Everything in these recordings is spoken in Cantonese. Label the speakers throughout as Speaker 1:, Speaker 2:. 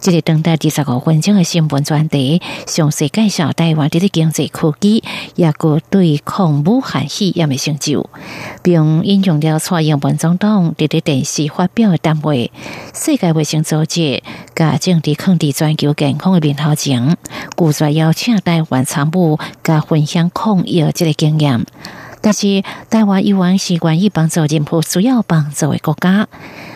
Speaker 1: 今個等待二十五分鐘嘅新聞專題，詳細介紹台灣的經濟科技，也佮對抗武漢蓄也蠻興趣，並引用了蔡英文總統在電視發表嘅談話。世界衛生組織加政治抗敵全球健康嘅面頭前，拒絕邀請台灣參與佮分享抗疫嘅經驗。但是台灣以往是願意幫助任何需要幫助嘅國家。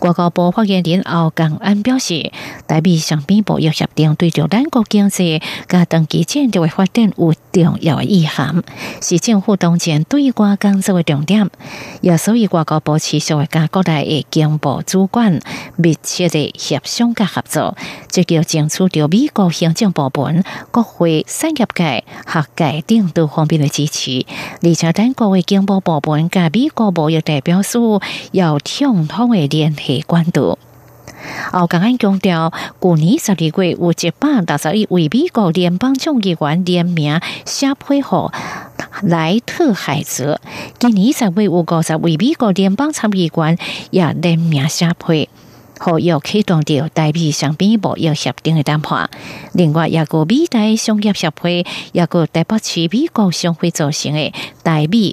Speaker 1: 外交部發言人歐江安表示，台美雙邊貿易協定對兩國經濟甲長期戰略的發展有重要的意涵，是政府當前對外工作的重點。也所以，外交部持續加甲國內的經貿主管密切的協商甲合作，積極爭取到美國行政部門、國會、產業界、學界等多方面的支持。而且，咱各位經貿部門及美國貿易代表處有暢通的聯繫關到，我剛剛強調，去年十二月有一百六十一位美國聯邦眾議員聯名寫批畀萊特海澤，今年十月有五十位美國聯邦參議員也聯名寫批，和又啟動掉台美雙邊貿易協定嘅談判，另外亦有美台商業協會，會組成的